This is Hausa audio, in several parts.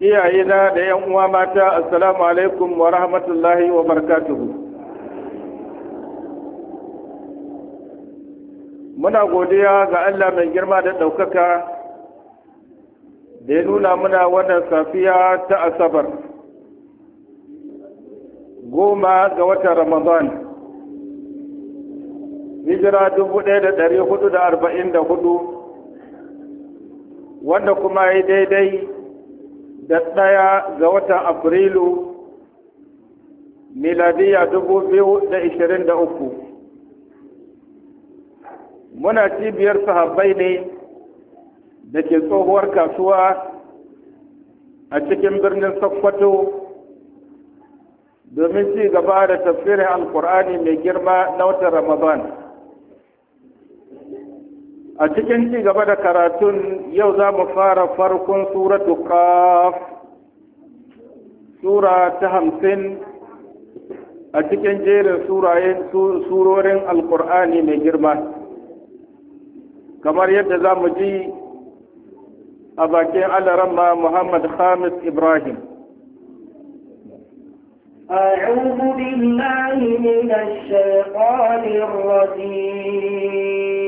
iyayena da yan uwa mata assalamu alaikum wa rahmatullahi wa barakatuhu muna godiya ga Allah mai girma da ɗaukaka da nuna muna wannan safiya ta asabar goma ga watan ramadan hijira dubu ɗaya da ɗari hudu da arba'in da hudu wanda kuma ya daidai da ɗaya ga watan Afrilu miladiya dubu biyu da ishirin da uku. Muna cibiyar sahabbai ne da ke tsohuwar kasuwa a cikin birnin Sokoto domin ci gaba da tafsirin Alƙur'ani mai girma na watan Ramadan. a cikin ci gaba da karatun yau za mu fara farkon suratu qaf sura ta hamsin a cikin jerin surorin alkur'ani mai girma kamar yadda za mu ji a bakin alarama muhammad Hamis ibrahim أعوذ بالله من الشيطان الرجيم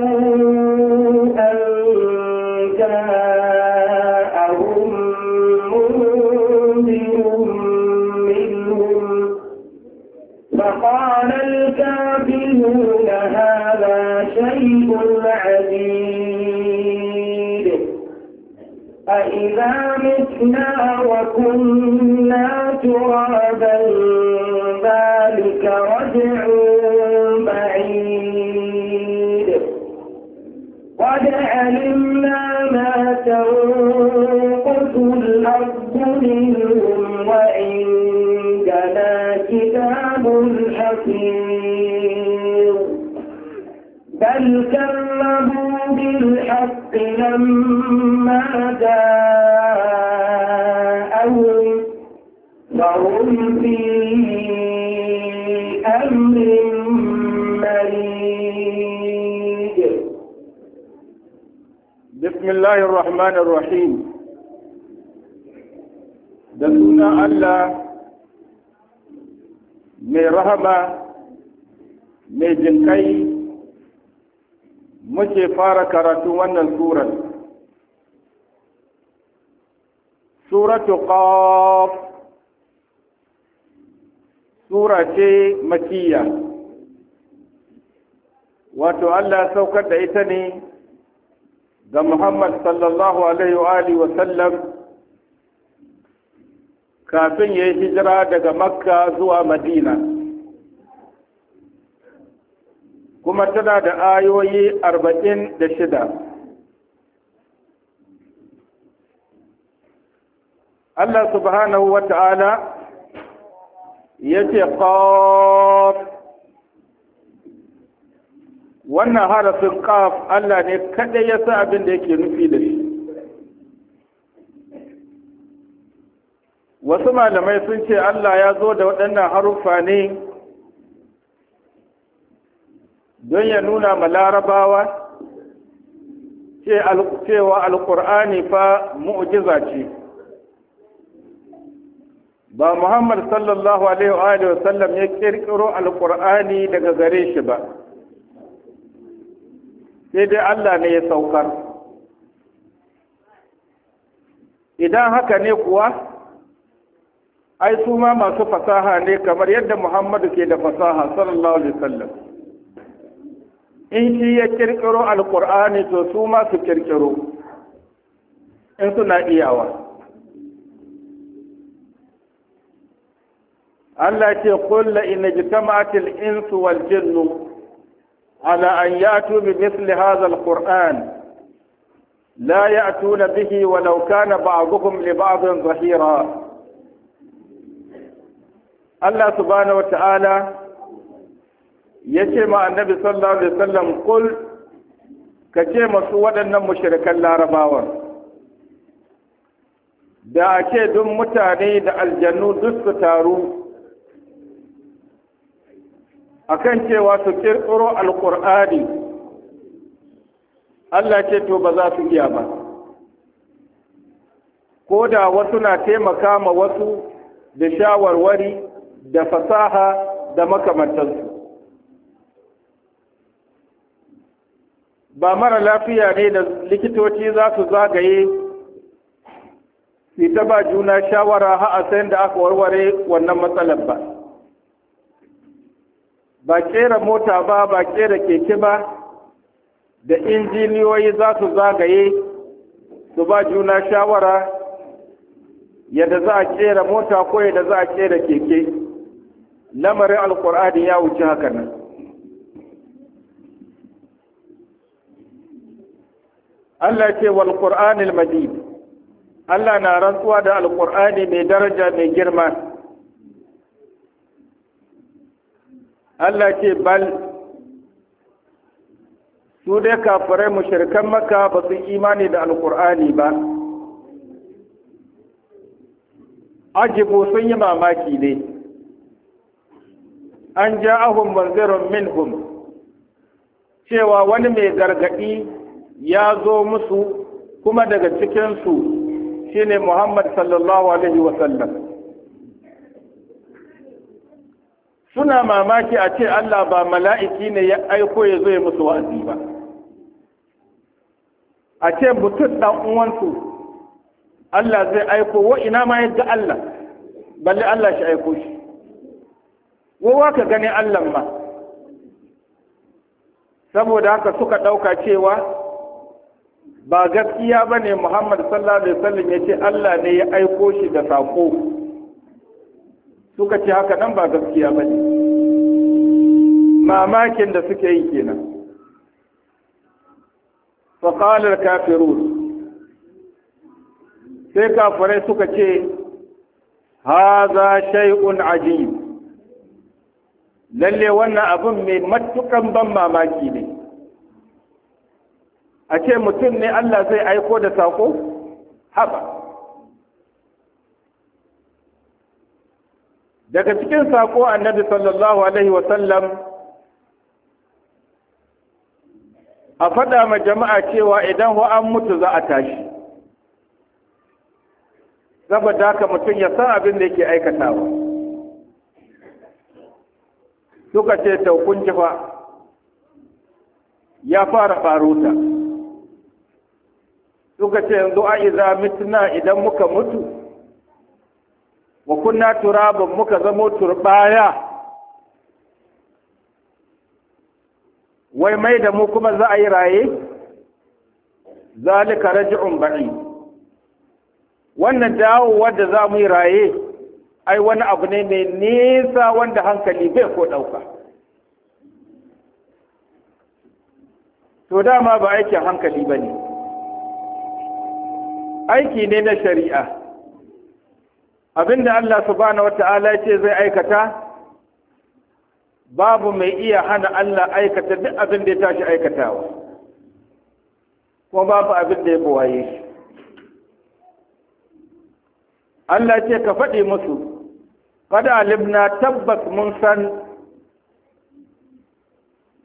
وكنا ترابا ذلك رجع بعيد قد علمنا ما تنقص الأرض منهم وعندنا كتاب حفيظ بل كذبوا بالحق لما جاءهم وهم في أمر مريد بسم الله الرحمن الرحيم دلونا suna من رحمة من mai muke fara karatu wannan surar suratu qaf sura ce makiya wato Allah saukar da ita ne ga Muhammad sallallahu alaihi wa alihi wa sallam kafin ya yi hijira daga Makka zuwa Madina kuma tana da ayoyi arba'in da shida Allah subhanahu wa ta'ala ya ce wannan harafin ƙaf Allah ne kaɗai ya sa abin da yake nufi da shi wasu malamai sun ce Allah ya zo da waɗannan harufa ne don ya nuna ma larabawa cewa Alƙur'ani fa mu'jiza ce ba muhammad sallallahu alaihi wa sallam ya ƙirƙiro alkur'ani daga gare shi ba sai dai allah ne ya saukar idan haka ne kuwa ai su ma masu fasaha ne kamar yadda muhammadu ke da fasaha sallallahu alaihi wa in shi ya kirkiro alkur'ani to su ma su kirkiro in suna iyawa Allah ce kulla in jitama'atil insu wal jinnu ala an yatu bi misli hadha alquran la ya'tuna bihi walau kana ba'dhuhum li ba'dhin zahira Allah subhanahu wa ta'ala ya ce ma annabi sallallahu alaihi wasallam kul ka ce masu waɗannan mushrikan larabawan da a ce duk mutane da aljannu duk su taru akan cewa su kirkiro alkur'ani Allah ce to ba za su iya ba ko da wasu na taimaka ma wasu da shawarwari da fasaha da makamantansu ba mara lafiya ne da likitoci za su zagaye su ta ba juna shawara ha'a sayan da aka warware wannan matsalar ba ba kera mota ba ba kera keke ba da injiniyoyi za su zagaye su ba juna shawara yadda za a kera mota ko yadda za a kera keke lamarin Alƙur'ani ya wuce haka nan Allah ce wal Qur'anil Majid Allah na rantsuwa da Al-Qur'ani mai daraja mai girma Allah ce bal su dai kafirai mushrikan maka ba su imani da Al-Qur'ani ba ajibu sun yi mamaki ne an ja'ahum munzirun minhum cewa wani mai gargaɗi ya zo musu kuma daga cikinsu shi ne Muhammad sallallahu Alaihi wasallam. Suna mamaki a ce Allah ba mala'iki ne ya aiko ya zo ya musu wa'azi ba. A ce mutum ɗan uwansu Allah zai aiko wa ina ma yadda Allah, balle Allah shi aiko shi. Wawa ka gani Allah ma, saboda haka suka ɗauka cewa ba gaskiya ba ne muhammad sallallahu alaihi wasallam ya ce allah ne ya aiko shi da saƙo suka ce haka nan ba gaskiya ba ne mamakin da suke yi kenan faƙalar kafirun sai kafirai suka ce haza shay'un ajib lalle wannan abin mai matukan ban mamaki ne a ce mutum ne Allah zai aiko da sako haba daga cikin sako annabi sallallahu alaihi wasallam a faɗa ma jama'a cewa idan wa mutu za a tashi saboda haka mutum ya san abin da yake aikatawa suka ce taukun jifa ya fara faruta suka ce yanzu a iza mitna idan muka mutu wa kunna muka zamo turbaya wai mai da mu kuma za a yi raye zalika raji'un ba'i wannan dawowar da za mu yi raye ai wani abu ne mai nisa wanda hankali bai ko ɗauka to dama ba aikin hankali ba ne aiki ne na shari'a abinda Allah subhanahu wata'ala ya ce zai aikata babu mai iya hana Allah aikata duk abin da ya tashi aikatawa kuma babu abin da ya buwaye shi Allah ce ka faɗi musu kada alimna tabbas mun san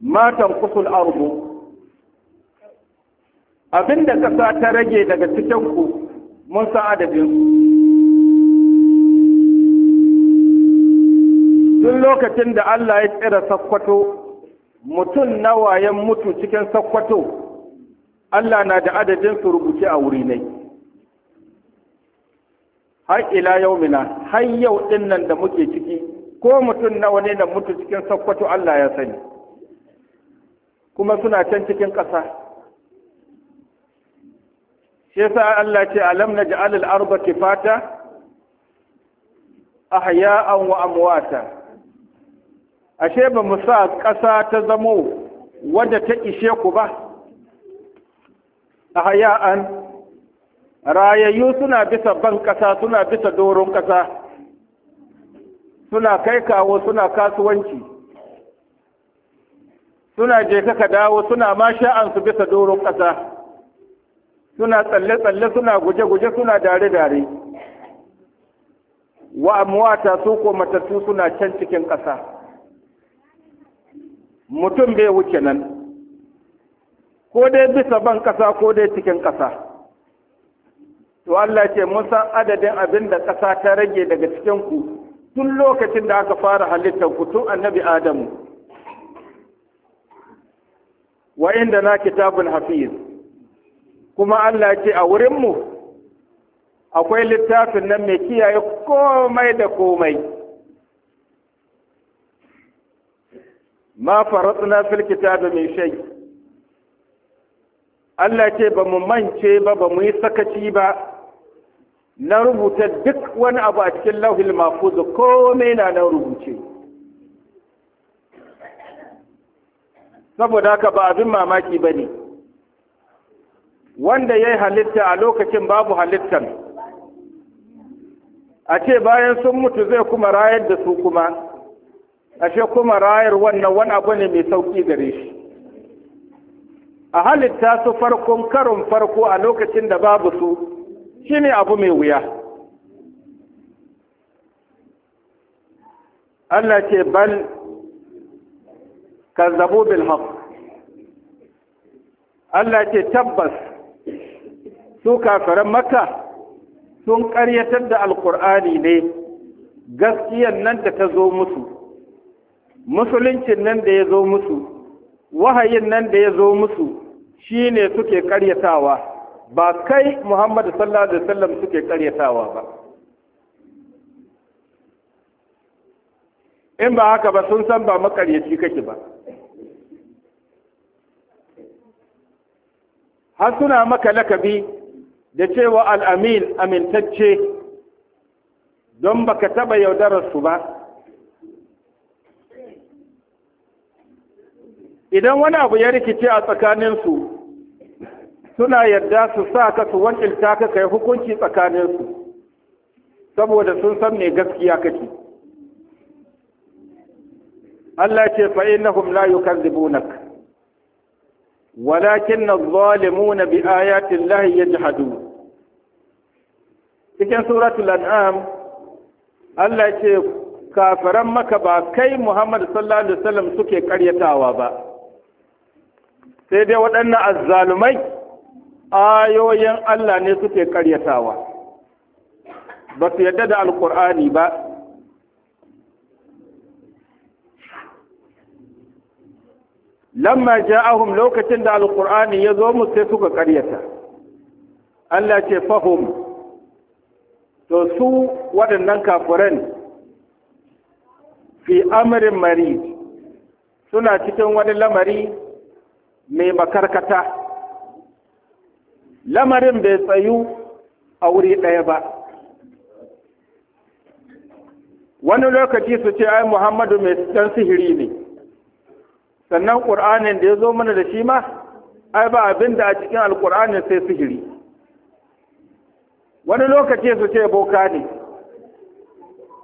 matan kusur ardu Abin da ƙasa ta rage daga cikinku, ku mun san adadin tun lokacin da Allah ya tsira sakkwato mutum nawa ya mutu cikin sakkwato Allah na da adadin su rubuce a wuri nai har ila yaumina har yau ɗin nan da muke ciki ko mutum nawa ne da mutu cikin sakkwato Allah ya sani kuma suna can cikin ƙasa shi yasa Allah ce alam naj'al al-arba kifata ahya'an wa amwata ashe ba mu sa ƙasa ta zamo wadda ta ishe ku ba ahya'an rayayyu suna bisa ban ƙasa suna bisa doron ƙasa suna kai kawo suna kasuwanci suna je ka dawo suna ma sha'ansu bisa doron ƙasa suna tsalle-tsalle suna guje-guje suna dare-dare wa amwata su ko matatu suna can cikin ƙasa mutum bai wuce nan ko dai bisa ban ƙasa ko dai cikin ƙasa to Allah ce mun san adadin abin da ƙasa ta rage daga cikin ku tun lokacin da aka fara halittar ku tun annabi Adamu wa inda na kitabun hafiz kuma Allah ce a wurinmu akwai littafin nan mai kiyaye komai da komai ma faratsuna filkita da mai shai. Allah ce ba mu mance ba ba mu yi sakaci ba na rubuta duk wani abu a cikin lauhil mahfuz komai na nan rubuce saboda haka ba abin mamaki ba ne wanda ya yi halitta a lokacin babu halittar a ce bayan sun mutu zai kuma rayar da su kuma ashe kuma rayar wannan wani abu ne mai sauki gare shi a halitta su farkon karon farko a lokacin da babu su shine abu mai wuya Allah ce bal kan zabo bilhaf Allah ce tabbas su kafaren makka sun ƙaryatar da Alƙur'ani ne gaskiyan nan da ta zo musu musuluncin nan da ya zo musu wahayin nan da ya zo musu shi ne suke ƙaryatawa ba kai muhammadu sallallahu alaihi wasallam suke ƙaryatawa ba in ba haka ba sun san ba makaryaci kake ba har suna maka lakabi da cewa al'amin amintacce don ba baka taɓa yaudararsu ba idan wani abu ya rikice a tsakaninsu suna yarda su sa ka su wancilta ka kai hukunci tsakaninsu saboda sun san ne gaskiya kake Allah ce fa innahum la yukadzibunak walakin adh-dhalimuna bi ayati Allah yajhadun cikin suratul an'am Allah ce kafiran maka ba kai Muhammad sallallahu alaihi wasallam suke karyatawa ba sai dai waɗannan azzalumai ayoyin Allah ne suke karyatawa ba su yadda da alkur'ani ba lamma ja'ahum lokacin da Alƙur'ani ya zo mu sai suka karyata Allah ce fahim to su waɗannan kafuran fi amarin mari suna cikin wani lamari mai makarkata lamarin bai tsayu a wuri ɗaya ba wani lokaci su ce ai muhammadu mai dan sihiri ne sannan ƙur'anin da ya zo mana da shi ma ai ba abin da a cikin alƙur'anin sai sihiri wani lokaci su ce boka ne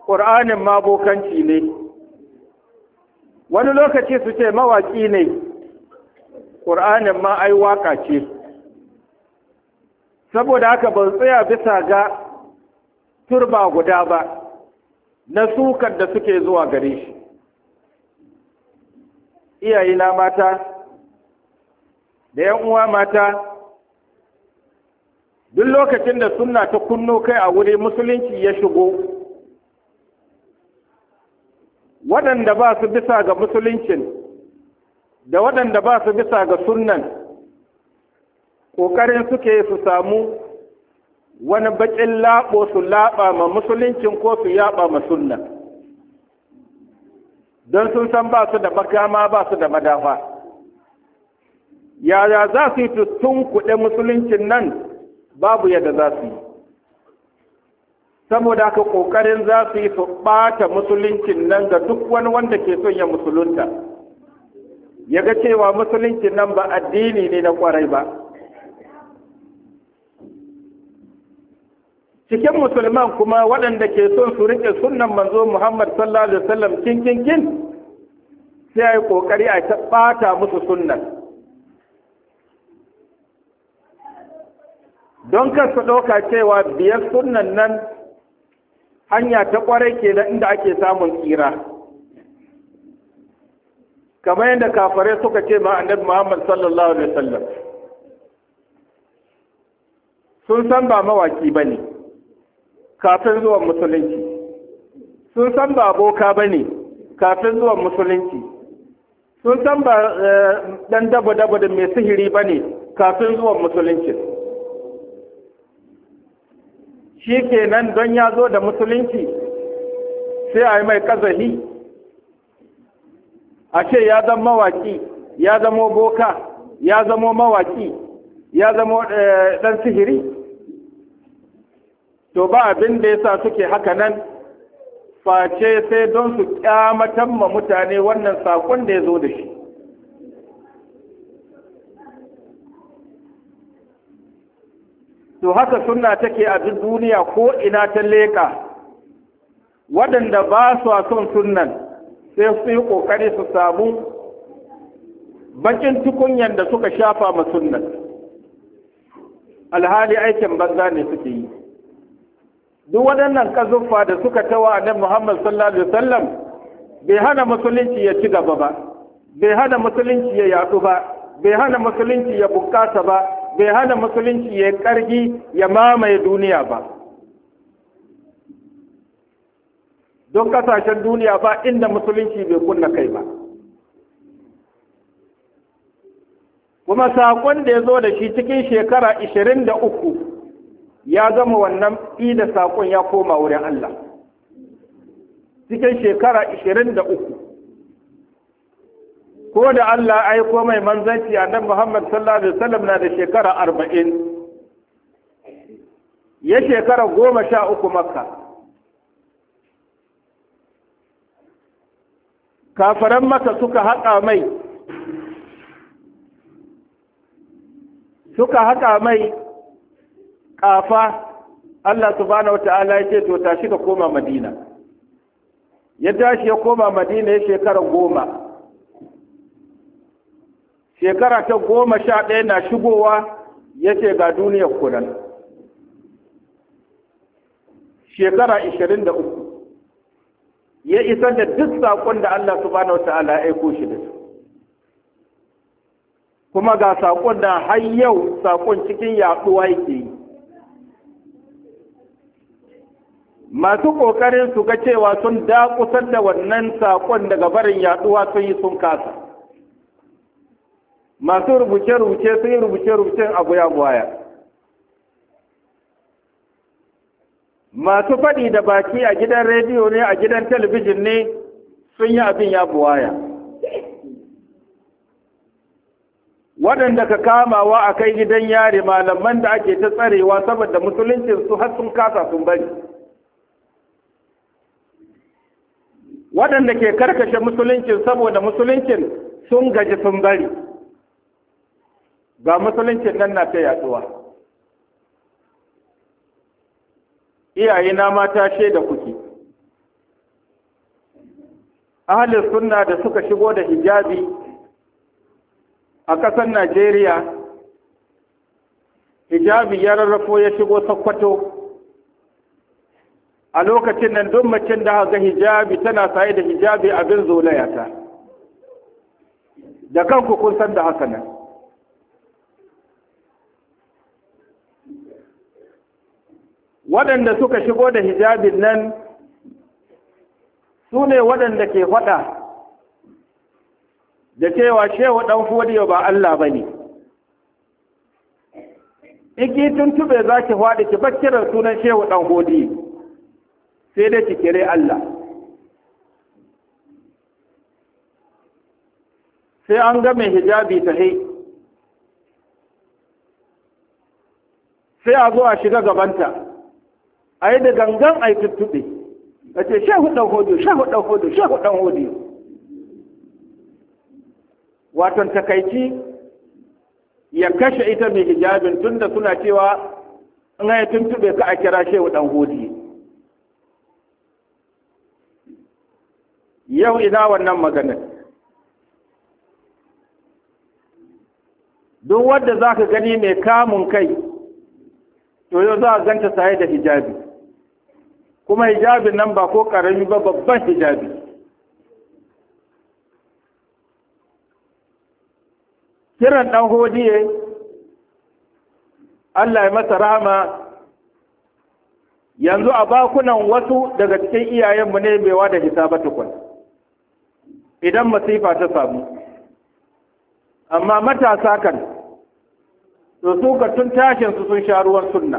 ƙur'anin ma bokanci ne wani lokaci su ce mawaƙi ne ƙur'anin ma ai waƙa ce saboda haka ban tsaya bisa ga turba guda ba na sukar da suke zuwa gare shi iyayena mata da 'yan uwa mata duk lokacin da suna ta kunno kai a wuri musulunci ya shigo waɗanda ba su bisa ga musuluncin da waɗanda ba su bisa ga sunnan ƙoƙarin suke su samu wani baƙin laɓo su laɓa ma musuluncin ko su yaɓa ma sunan, don sun san ba su da makama ba su da madafa yaya za su yi tun kuɗe musuluncin nan babu yadda za su yi saboda haka ƙoƙarin za su yi su ɓata musuluncin nan ga duk wani wanda ke son ya musulunta ya ga cewa musuluncin nan ba addini ne na ƙwarai ba cikin musulman kuma waɗanda ke son su riƙe sunan manzo muhammad sallallahu alaihi wasallam kin kin kin sai a yi ƙoƙari a ɓata musu sunnan don kar su ɗauka cewa biyar sunan nan hanya ta ƙwarai da inda ake samun tsira kamar yadda kafarai suka ce ma annabi Muhammad sallallahu alaihi wasallam sun san ba mawaki ne kafin zuwan musulunci sun san ba boka ne kafin zuwan musulunci sun san ba eh, ɗan dabo dabo da mai sihiri ba ne kafin zuwan musulunci shi kenan don ya zo da musulunci sai a yi mai kazali a ce ya zama mawaki ya zamo boka ya zamo mawaki ya zamo eh, ɗan sihiri to ba abin da yasa suke haka nan face sai don su kyamatan ma mutane wannan saƙon da ya zo da shi to haka sunna take a duk duniya ko ina ta leƙa waɗanda ba su a son sunnan sai su yi ƙoƙari su samu bakin tukunyan da suka shafa ma sunnan alhali aikin banza ne suke yi duk waɗannan kazuffa da suka tawa nan Muhammad sallallahu alaihi wasallam bai hana musulunci ya ci gaba ba bai hana musulunci ya yaɗu ba bai hana musulunci ya bukata ba bai hana musulunci ya ƙargi ya mamaye duniya ba don kasashen duniya ba inda musulunci bai kunna kai ba kuma saƙon da ya zo da shi cikin shekara 23 ya zama wannan ida saƙon ya koma wurin Allah cikin shekara 23 ko da Allah aiko mai manzanci annabi Muhammad sallallahu alaihi wasallam na da shekara arba'in ya shekara goma sha uku makka kafaran maka suka haƙa mai suka haƙa mai ƙafa Allah subhanahu wata'ala ya ce to tashi ka koma madina ya tashi ya koma madina ya shekara goma shekara ta goma sha ɗaya na shigowa ya ce ga duniyar kudan shekara ishirin da uku ya isa da duk saƙon da Allah subhanahu wa ta'ala ya aiko shi da su kuma ga saƙon da har yau saƙon cikin yaɗuwa yake yi masu ƙoƙarin su ga cewa sun dakusar da wannan saƙon daga barin yaɗuwa sun yi sun kasa masu rubuce-rubuce sun yi rubuce-rubucen a guya goya masu faɗi da baki a gidan rediyo ne a gidan talabijin ne sun yi abin ya buwaya waɗanda ka kamawa a kai gidan yare malaman da ake ta tsarewa saboda musulunci su har sun kasa sun bari waɗanda ke karkashe musuluncin saboda musuluncin sun gaji sun bari ga musuluncin nan na ta yaduwa iyaye na mata da kuke ahalin sunna da suka shigo da hijabi a ƙasar najeriya hijabi ya rarrafo ya shigo sakkwato a lokacin nan duk mace da ga hijabi tana saye da hijabi abin zolaya da kanku kun san da haka nan waɗanda suka shigo da hijabin nan su ne waɗanda ke faɗa da cewa shewa ɗan fodiyo ba Allah ba ne igi tuntube za ki faɗi ki bakkirar sunan shewa ɗan fodiyo sai dai ki kire Allah sai an ga mai hijabi ta hei. sai a zo a shiga gabanta a yi da gangan a yi tuttuɓe a ce shehu ɗan hodiyo shehu ɗan hodiyo shehu ɗan hodiyo waton takaici ya kashe ita mai hijabin tunda suna cewa in ya tuntuɓe ka a kira shehu ɗan hodiyo yau ina wannan maganar duk wanda za ka gani mai kamun kai to yau za a ganta saye da hijabi kuma hijabi nan ba ko karami ba babban hijabi kiran ɗan hodiye Allah ya masa rahama yanzu a bakunan wasu daga cikin iyayenmu ne baiwa da hisaba tukun idan masifa ta samu amma matasa kan to su ka tun tashin su sun sha ruwan sunna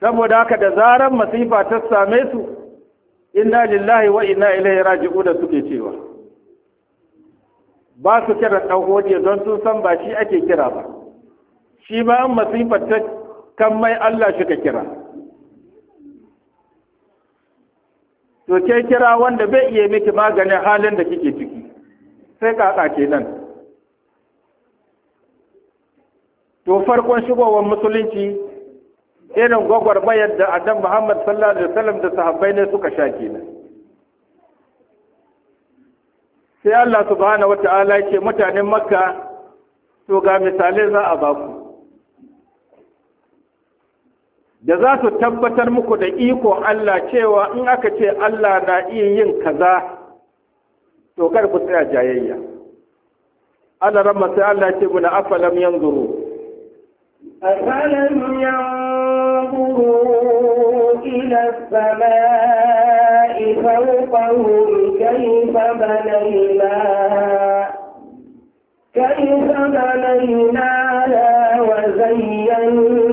saboda haka da zaran masifa ta same su inna lillahi wa inna ilaihi raji'u da suke cewa ba su kira dan hodiya don sun san ba shi ake kira ba shi ma an masifa ta kan mai Allah shi ka kira to ke kira wanda bai iya miki maganin halin da kike ciki sai kaka kenan to farkon shigowar musulunci irin gwagwarmayar da annan muhammad sallallahu alaihi wasallam da sahabbai ne suka sha kenan sai allah subhanahu wata'ala ce mutanen makka to ga misalai za a baku da za su tabbatar muku da ikon allah cewa in aka ce allah na iya yin kaza to kar ku tsaya jayayya Allah ramma sai Allah ya ce muna afalam yanzuru afalam yanzuru نظروا إلى السماء فوقهم كيف بنيناها كيف بنيناها وزيناها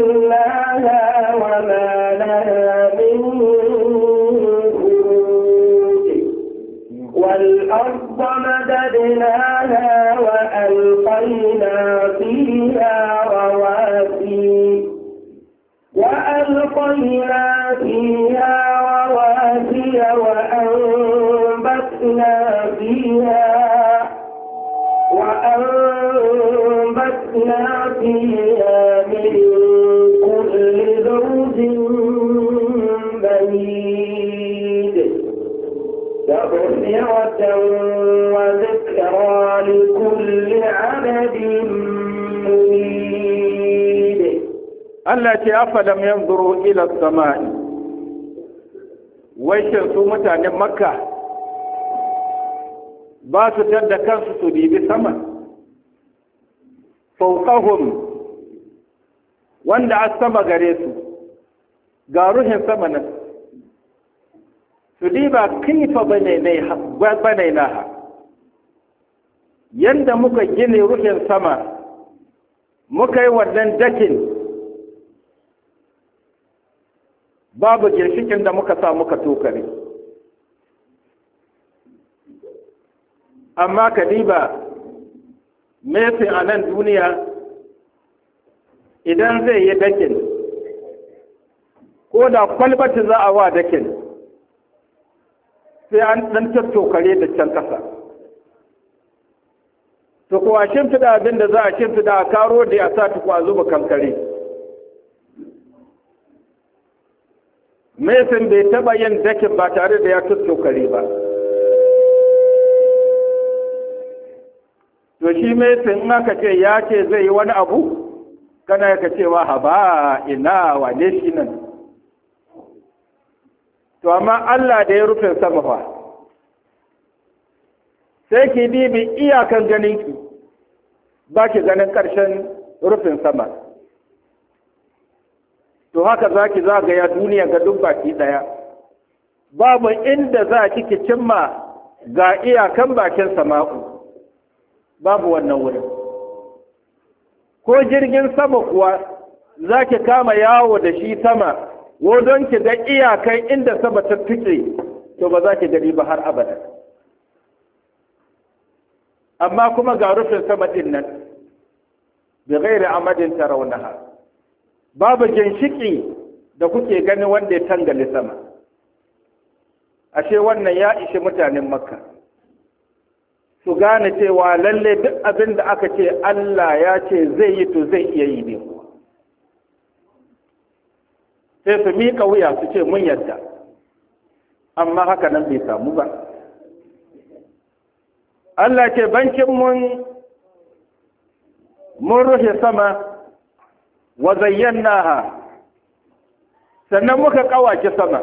Allah ce afalam yanzuru ila samai wai shin su mutanen makka ba su tadda kansu su bibi sama fawqahum wanda a sama gare su ga ruhin sama nan su diba kaifa bane naha yanda muka gine ruhin sama muka yi wannan dakin babu ginshikin da muka sa muka tokare amma kadiba mesin a nan duniya idan zai yi dakin ko da kwalbati za a wa dakin sai an ɗan tattokare da can ƙasa to kuwa shimfiɗa abin da za a shimfida a karo da ya sa tukwa zuba kankare Mason bai taɓa yin dakin ba tare da ya tuttokare ba. To shi Mason in aka ce ya ce zai yi wani abu, kana yaka cewa haba ina wane shi nan. To amma Allah da ya rufe sama fa. Sai ki bi iyakan ganinki, ba ki ganin ƙarshen rufin sama. to haka za ki zagaya duniya ga duk baki ɗaya babu inda za ki ki cimma ga iyakan bakin sama'u babu wannan wurin ko jirgin sama kuwa za ki kama yawo da shi sama wo don ki ga iyakan inda sama ta tuke to ba za ki gani ba har abada amma kuma ga rufin sama ɗinnan, nan bi ghairi amadin tarawnaha babu ginshiƙi da kuke gani wanda ya tangali sama ashe wannan ya ishe mutanen makka su gane cewa lalle duk abin da aka ce Allah ya ce zai yi to zai iya yi ne sai su miƙa wuya su ce mun yadda amma haka nan bai samu ba Allah ce bankin mun mun rufe sama wa zayyanaha sannan muka kawace sama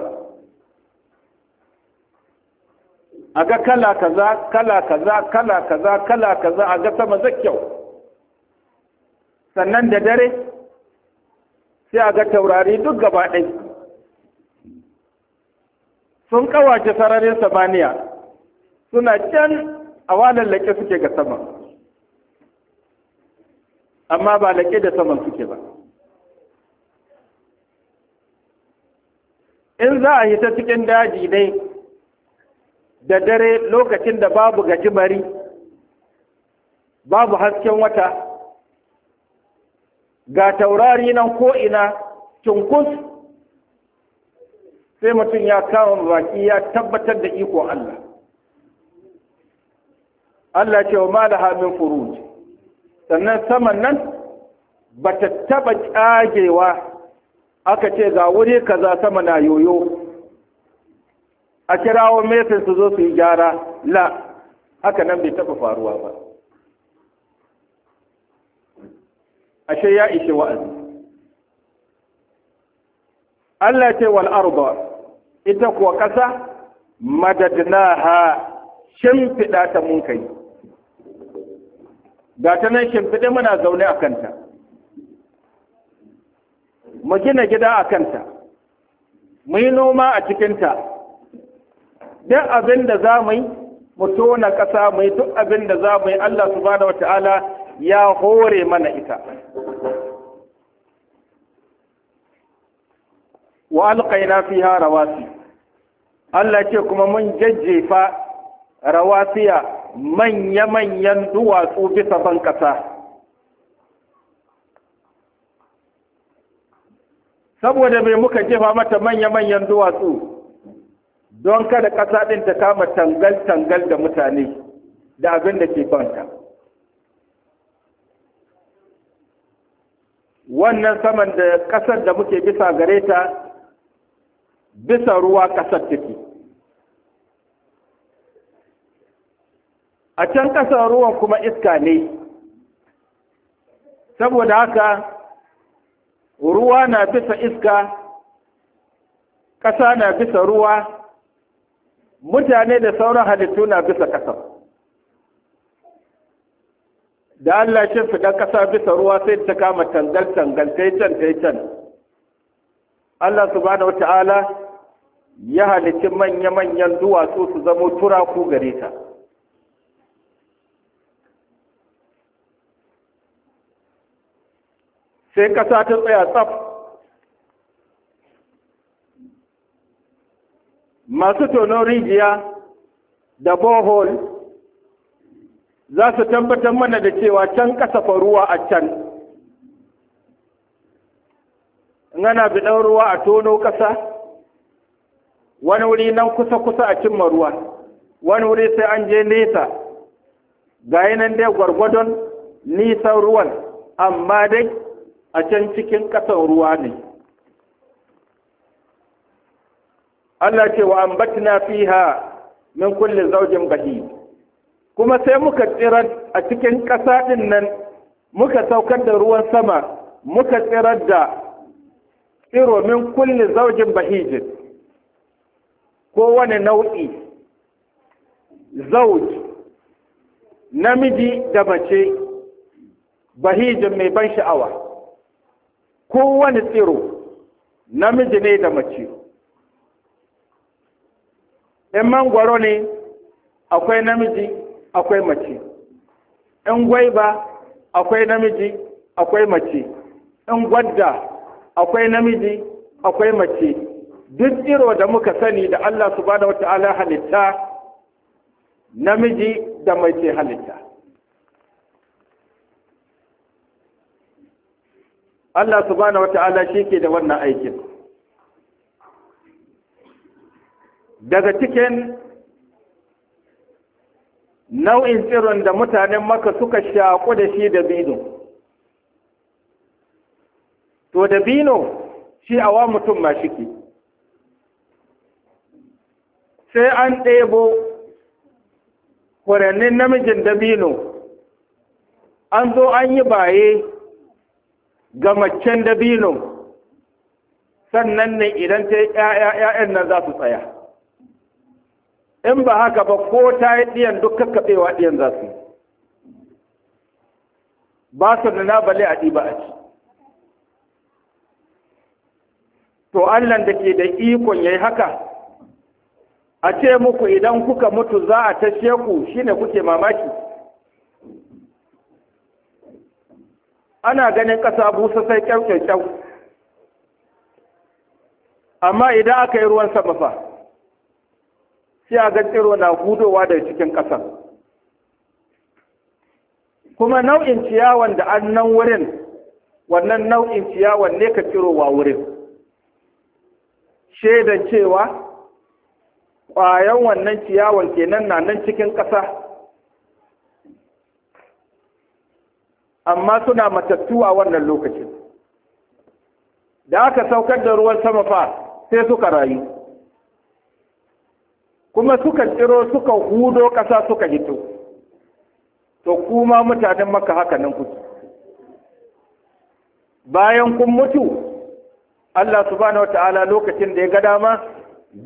aga kala kaza kala kaza kala kaza kala kaza aga sama zakyau sannan da dare sai aga taurari duk gaba ɗaya sun kawace sararin samaniya suna can a walallake suke ga sama amma ba laƙe da saman suke ba in za a yi ta cikin daji dai da dare lokacin da babu gajimari babu hasken wata ga taurari nan ko'ina cunkus sai mutum ya kama baki ya tabbatar da iko Allah Allah ce wa mala hamin furuj sannan saman nan ba ta taba ƙagewa aka ce ga wuri kaza sama na yoyo a kirawo mesin su zo su yi gyara la haka nan bai taba faruwa ba ashe ya ishe wa'azi Allah ce wal ita kuwa kasa ƙasa ha shimfiɗa ta mun kai ga ta nan shimfiɗe muna zaune a kanta mu gina gida a kanta mu yi noma a cikinta duk abin da za mu yi mu tona ƙasa mu yi duk abin da za mu yi Allah bada wata'ala ya hore mana ita wa alƙaina fiha rawasi Allah ce kuma mun jajjefa rawasiya manya-manyan duwatsu bisa ban ƙasa saboda bai muka jefa mata manya-manyan duwatsu don kada ƙasa ɗin ta kama tangal-tangal da mutane da abin da ke banta wannan saman da ƙasar da muke bisa gare ta bisa ruwa ƙasar take a can ƙasar ruwan kuma iska ne saboda haka ruwa na bisa iska ƙasa na bisa ruwa mutane da sauran halittu na bisa ƙasa da Allah shi fi ɗan ƙasa bisa ruwa sai ta kama tangal tangal ta can ta can Allah subhanahu wata'ala ya halicci manya-manyan duwatsu su zamo turaku gare ta. sai ƙasa ta tsaya tsaf masu tonon rijiya da bohol za su tabbatar mana da cewa can kasafa ruwa a can in ana biɗan ruwa a tono ƙasa wani wuri nan kusa-kusa a cimma ruwa wani wuri sai an je nesa ga nan dai gwargwadon nisan ruwan amma dai a can cikin ƙasan ruwa ne Allah ce wa fi fiha min kulli zawjin bahi kuma sai muka tsirar a cikin ƙasa ɗin nan muka saukar da ruwan sama muka tsirar da tsiro min kulli zaujin bahijin kowane nau'i zauj namiji da mace bahijin mai ban sha'awa kowane tsiro namiji ne da mace in mangwaro ne akwai namiji akwai mace in gwaiba akwai namiji akwai mace in gwadda akwai namiji akwai mace duk tsiro da muka sani da Allah subhanahu ala halitta namiji da mace halitta Allah subhanahu wata'ala shi ke da wannan aikin daga cikin nau'in tsiron da mutanen maka suka shaƙu da shi da bino to da bino shi awa mutum ma shi ke. sai an ɗebo furannin namijin da bino an zo an yi baye ga macen dabino sannan ne idan ta yi ‘ya'ya'ya'yan nan za su tsaya in ba haka ba ko ta yi ɗiyan duk kakkaɓewa ɗiyan za su ba su da na bale a ɗiba a ci to allan da ke da ikon ya yi haka a ce muku idan kuka mutu za a tashe ku shine kuke mamaki ana ganin ƙasa busa sai kyau-kyau amma idan aka yi ruwan sama fa sai a ganci tsiro na hudowa daga cikin ƙasa kuma nau'in ciyawan da an nan wurin wannan nau'in ciyawan ne ka wa wurin shaidan cewa ƙwayan wannan ciyawan kenan na nan cikin ƙasa amma suna matattu a wannan lokacin da aka saukar da ruwan sama fa sai suka rayu kuma suka tsiro suka hudo ƙasa suka hito to kuma mutanen maka haka nan kuke bayan kun mutu Allah subhanahu wata'ala lokacin da ya ga dama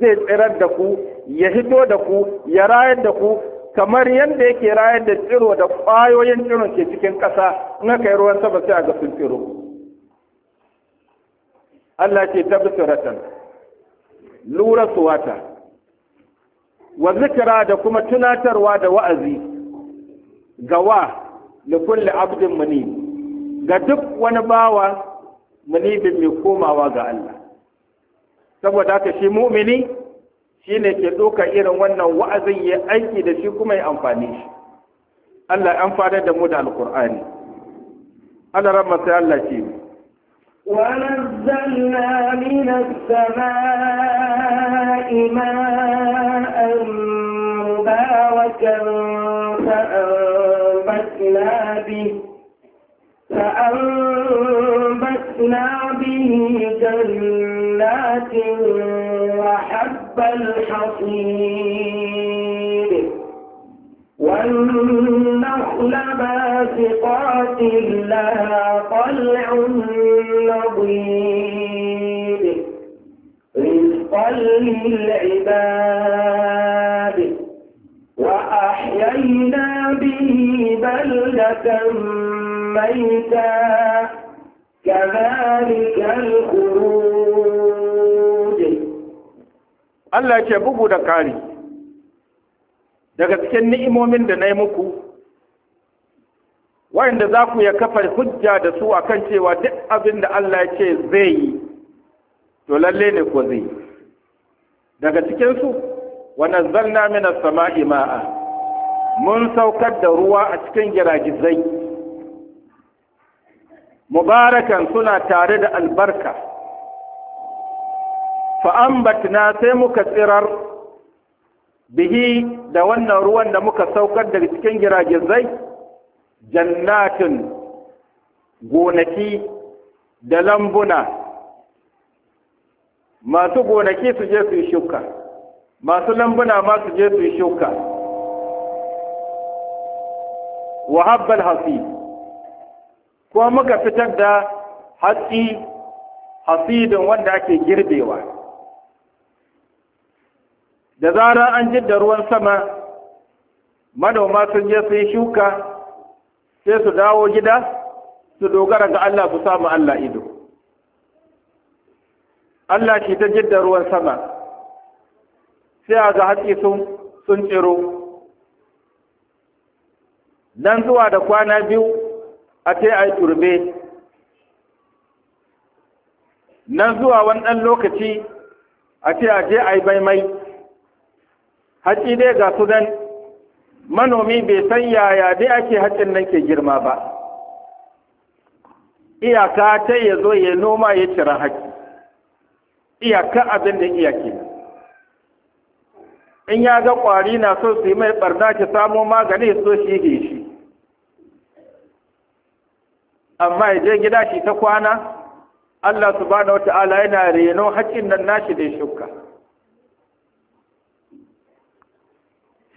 zai tsirar da ku ya hito da ku ya rayar da ku kamar yadda yake rayar da tsiro da ƙwayoyin tsiro ke cikin ƙasa in aka yi ruwan sama sai a ga sun tsiro Allah ce ta suratan, lura suwata wa zikira da kuma tunatarwa da wa'azi ga wa da kulle abdin muni ga duk wani bawa munibin mai komawa ga Allah saboda haka shi mu'mini shi ne ke ɗauka irin wannan wa'azin ya aiki da shi kuma ya amfani shi Allah ya amfana da mu da alƙur'ani Allah ramma sai Allah ce ونزلنا من السماء ماء وحب الحصير والنخل باسقات لها طلع نضير رزقا للعباد وأحيينا به بلدة ميتا كذلك الخروج Allah ce bugu da kari daga cikin ni'imomin da na yi muku wayanda za ku ya kafa hujja da su a kan cewa duk abin da Allah ce zai yi to lalle ne ko zai daga cikin su wa nazzalna minas sama'i ma'a mun saukar da ruwa a cikin giragizai mubarakan suna tare da albarka na sai muka tsirar bihi da wannan ruwan da muka saukar daga cikin giragizai jannatin gonaki da lambuna masu gonaki su je su yi shuka masu lambuna ma su je su yi shuka wahabbal hasi ko muka fitar da hatsi hasidin wanda ake girbewa da zarar an jidda ruwan sama manoma sun je yi shuka sai su dawo gida su dogara ga Allah su samu Allah ido Allah shi ta jidda ruwan sama sai a ga hatsi sun sun tsiro nan zuwa da kwana biyu a ce a yi turbe nan zuwa wani ɗan lokaci a ce a je a yi maimai haƙi dai ga su nan manomi bai san yaya dai ake haƙin nan ke girma ba iyaka ta ya zo ya noma ya cira haƙi iyaka abin da iyaki in ya ga ƙwari na so su yi mai ɓarna ki samo magani so shi yi shi amma ya je gida shi ta kwana Allah subhanahu wa ta'ala yana reno haƙin nan nashi da shuka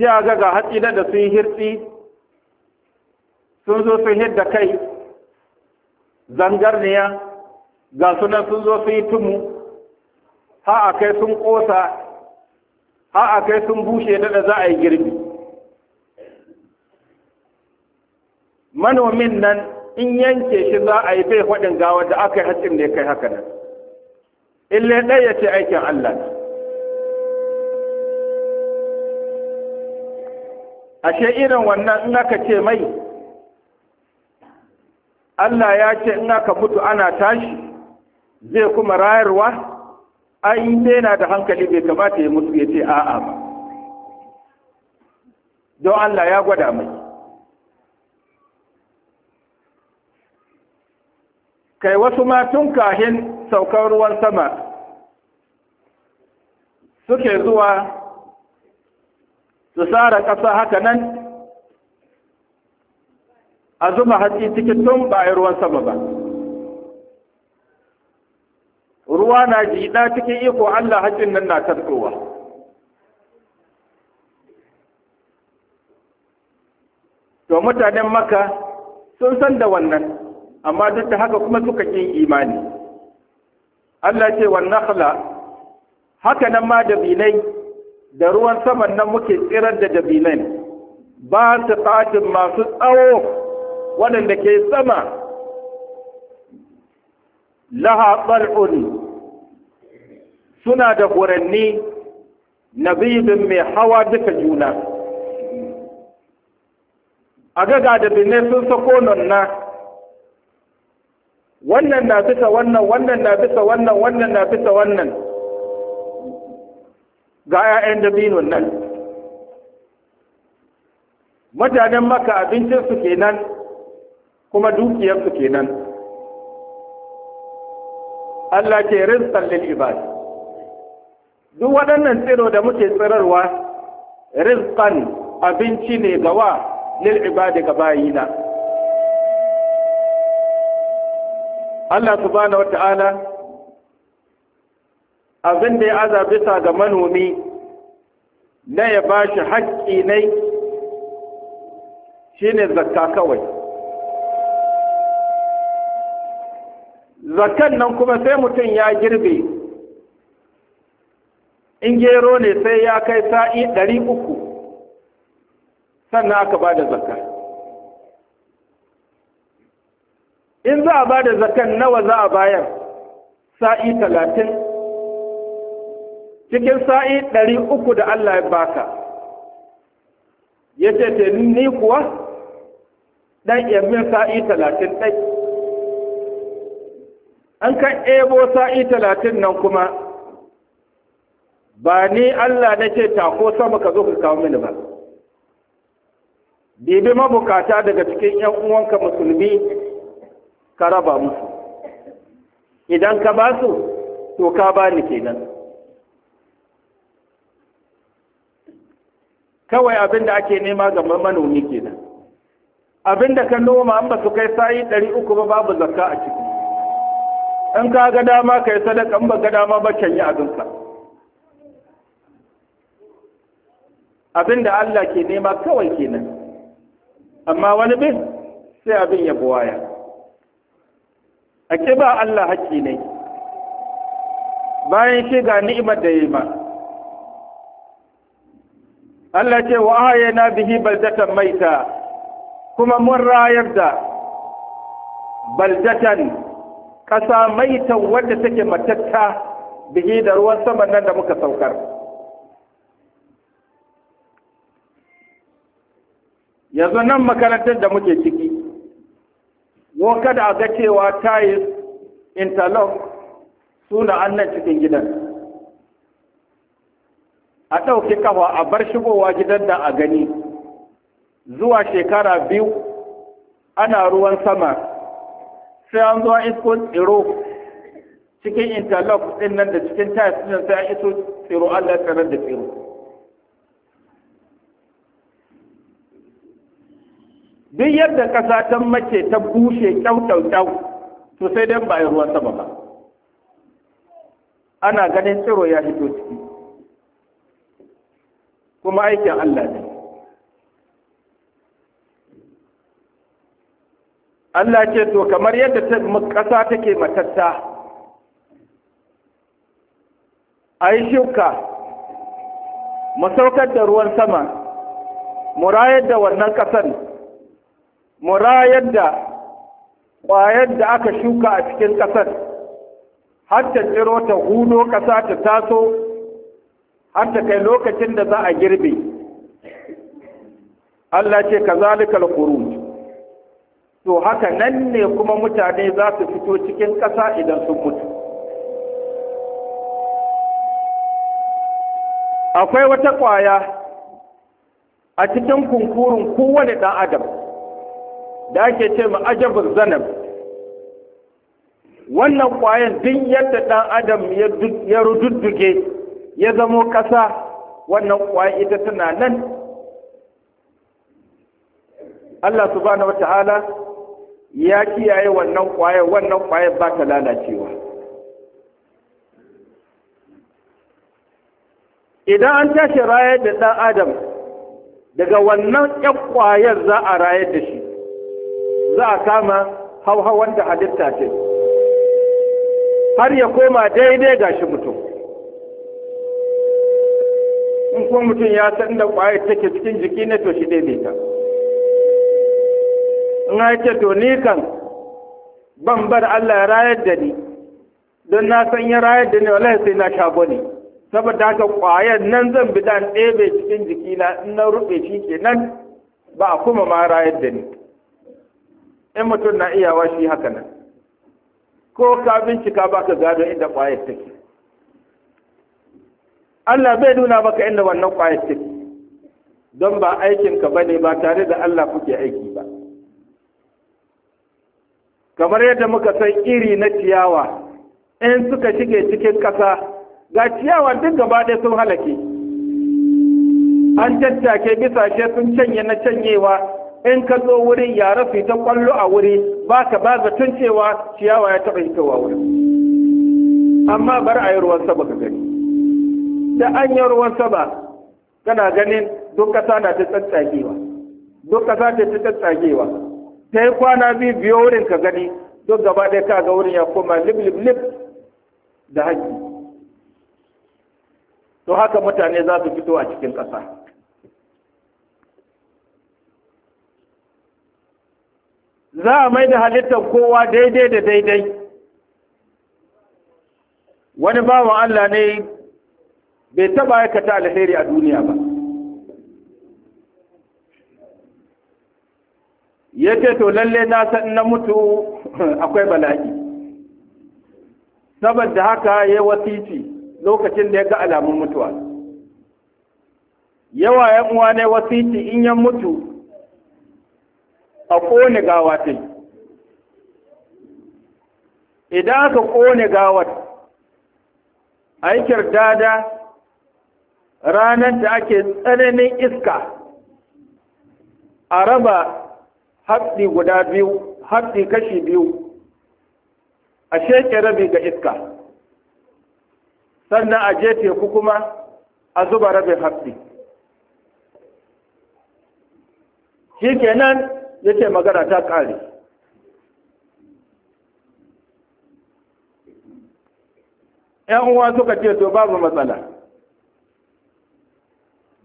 sai a ga ga hatsi da sun hirtsi sun zo sun hidda kai zangarniya ga sunan sun zo sun yi tumu ha a kai sun ƙosa ha a kai sun bushe da za a yi girbi manomin nan in yanke shi za a yi bai faɗin gawa da aka yi hatsin da ya kai haka nan in ɗaya ce aikin Allah ne ashe irin wannan in aka ce mai Allah ya ce in aka mutu ana tashi zai kuma rayarwa ai na da hankali bai kamata ya mutu ya ce a'a ba don Allah ya gwada mai kai wasu matun kahin saukar ruwan sama suke zuwa su tsara ƙasa haka nan a zuba hatsi cikin tun ba a yi ruwan sama ba ruwa na jiɗa cikin iko Allah hatsin nan na tarkowa to mutanen maka sun san da wannan amma duk da haka kuma suka ƙin imani Allah ce wannan haka nan ma da binai da ruwan saman nan muke tsirar da dabilai ba su fatin masu tsawo waɗanda ke sama laha tsar'un suna da furanni nabidin mai hawa duka juna a gaga da bine sun sako nonna wannan na bisa wannan wannan na bisa wannan wannan na bisa wannan ga 'ya'yan dabinon nan mutanen maka abincinsu kenan kuma dukiyarsu kenan Allah ke rizqan lil ibad duk waɗannan tsiro da muke tsirarwa rizqan abinci ne gawa lil ibad ga bayina Allah subhanahu ta’ala abin da ya aza bisa ga manomi na ya ba shi haƙƙi ne shi ne zakka kawai zakkan nan kuma sai mutum ya girbe in gero ne sai ya kai sa'i ɗari uku sannan aka ba da zakka in za a ba da zakkan nawa za a bayar sa'i talatin cikin sa'i ɗari uku da Allah ya baka ya ce te ni kuwa ɗan yammin sa'i talatin ɗai an kan ebo sa'i talatin nan kuma ba ni Allah na ce tako sama ka zo ka kawo mini ba bibi mabukata daga cikin ‘yan uwanka musulmi ka raba musu idan ka ba su to ka ba ni kenan. kawai abin da ake nema ga manomi kenan abin da ka noma an ba su kai sayi ɗari uku ba babu zakka a ciki in ka ga dama kai sadaka in ba ga dama ba can yi abinka abin da Allah ke nema kawai kenan amma wani bin sai abin ya buwaya a ba Allah haƙƙi ne bayan shi ga ni'imar da ya yi ma Allah ce wa na bihi baldatan maita kuma mun rayar da baldatan ƙasa maita wadda take matatta bihi da ruwan saman nan da muka saukar yanzu nan makarantar da muke ciki mu kada a ga cewa tayis interlock suna annan cikin gidan a ɗauki kafa a bar shigowa gidan da a gani zuwa shekara biyu ana ruwan sama sai an zuwa iskun tsiro cikin interlock ɗin nan da cikin tayas ɗin sai an iso tsiro Allah tsirar da tsiro duk yadda ƙasa ta mace ta bushe kyau-kyau to sai dan ba ruwan sama ba ana ganin tsiro ya fito kuma aikin Allah ne Allah ce to kamar yadda ta ƙasa take matatta a yi shuka mu saukar da ruwan sama mu da wannan ƙasar mu da ƙwayar da aka shuka a cikin ƙasar har ta tsiro ta hudo ƙasa ta taso har ta kai lokacin da za a girbe Allah ce ka zalikal to haka nan ne kuma mutane za su fito cikin ƙasa idan sun mutu akwai wata ƙwaya a cikin kunkurun kowane ɗan adam da ake ce ma'ajabin zanab wannan ƙwayan duk yadda ɗan adam ya rududduge ya zamo ƙasa wannan ƙwaya ita tana nan Allah subhanahu wa ta'ala ya kiyaye wannan ƙwayar wannan ƙwayar ba ta lalacewa idan an tashi rayar da ɗan adam daga wannan ƴan ƙwayar za a rayar da shi za a kama hauhawan da halitta ce har ya koma daidai gashi mutum in kuma mutum ya san da ƙwayar take cikin jiki na to shi daidaita in ce to ni kan ban bar Allah ya rayar da ni don na san ya rayar da ni wallahi sai na sha ne saboda haka ƙwayar nan zan bi dan ɗebe cikin jiki na in na rufe shi kenan ba a kuma ma rayar da ni in mutum na iya shi haka nan ko ka bincika ba ka gado inda ƙwayar take Allah bai nuna maka inda wannan kwaya ce don ba aikinka ba ne ba tare da Allah kuke aiki ba kamar yadda muka san iri na ciyawa in suka shige cikin ƙasa ga ciyawa duk gaba ɗaya sun halake an tattake bisashe sun canye na canyewa in ka zo wurin ya rafi ta kwallo a wuri ba ka ba zaton cewa ciyawa ya taɓa yi wurin amma bar a yi ruwan saboda gari. ta hanyar ruwan sama kana ganin duk kasa na ta tsatsagewa duk kasa ta ta tsatsagewa ta yi kwana biyu biyo wurin ka gani duk gaba ɗaya ka ga wurin ya koma lib lib lib da haƙƙi to haka mutane za su fito a cikin ƙasa za a mai da halittar kowa daidai da daidai wani bawan Allah ne bai taba aikata alheri a duniya ba ya ce to lalle na san na mutu akwai bala'i saboda haka ya wasiti lokacin da ya ga alamun mutuwa yawa ya uwa ne wasiti in ya mutu a kone gawa ta idan aka kone gawar kyar dada ranar da ake tsananin iska a raba haɗi guda biyu haɗi kashi biyu a sheke rabi ga iska sannan a je teku kuma a zuba rabin haɗi shi kenan ya ce magana ta ƙare ‘yan uwa suka ce to babu matsala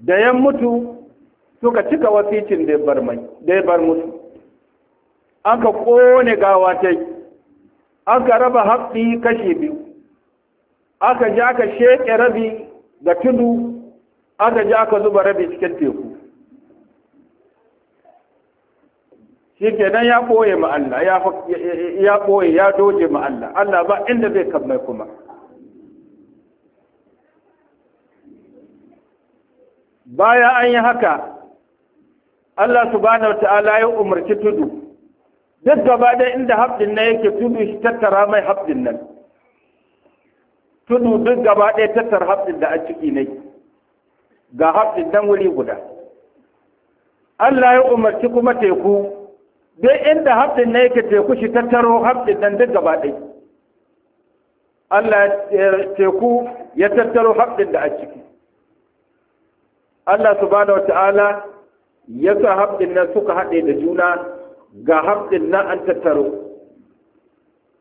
da ya mutu suka cika wasicin da ya bar mutu an ka kone gawa ta an ka raba haƙƙi kashi biyu aka ja ka sheƙe rabi da tudu aka ja ka zuba rabi cikin teku shi kenan ya ɓoye ma Allah ya ɓoye ya doje ma Allah ba inda zai kan kuma baya an yi haka Allah subhanahu wata'ala ya umarci tudu duk gaba da inda haɓdin nan yake tudu shi tattara mai haɓdin nan tudu duk gaba ɗaya tattara haɓdin da a ciki ne ga haɓdin nan wuri guda Allah ya umarci kuma teku duk inda haɓdin nan yake teku shi tattaro haɓdin nan duk gaba ɗaya Allah teku ya tattaro haɓdin da a ciki Allah subhanahu wata'ala ya sa haɗin nan suka haɗe da juna ga haɗin nan an tattaro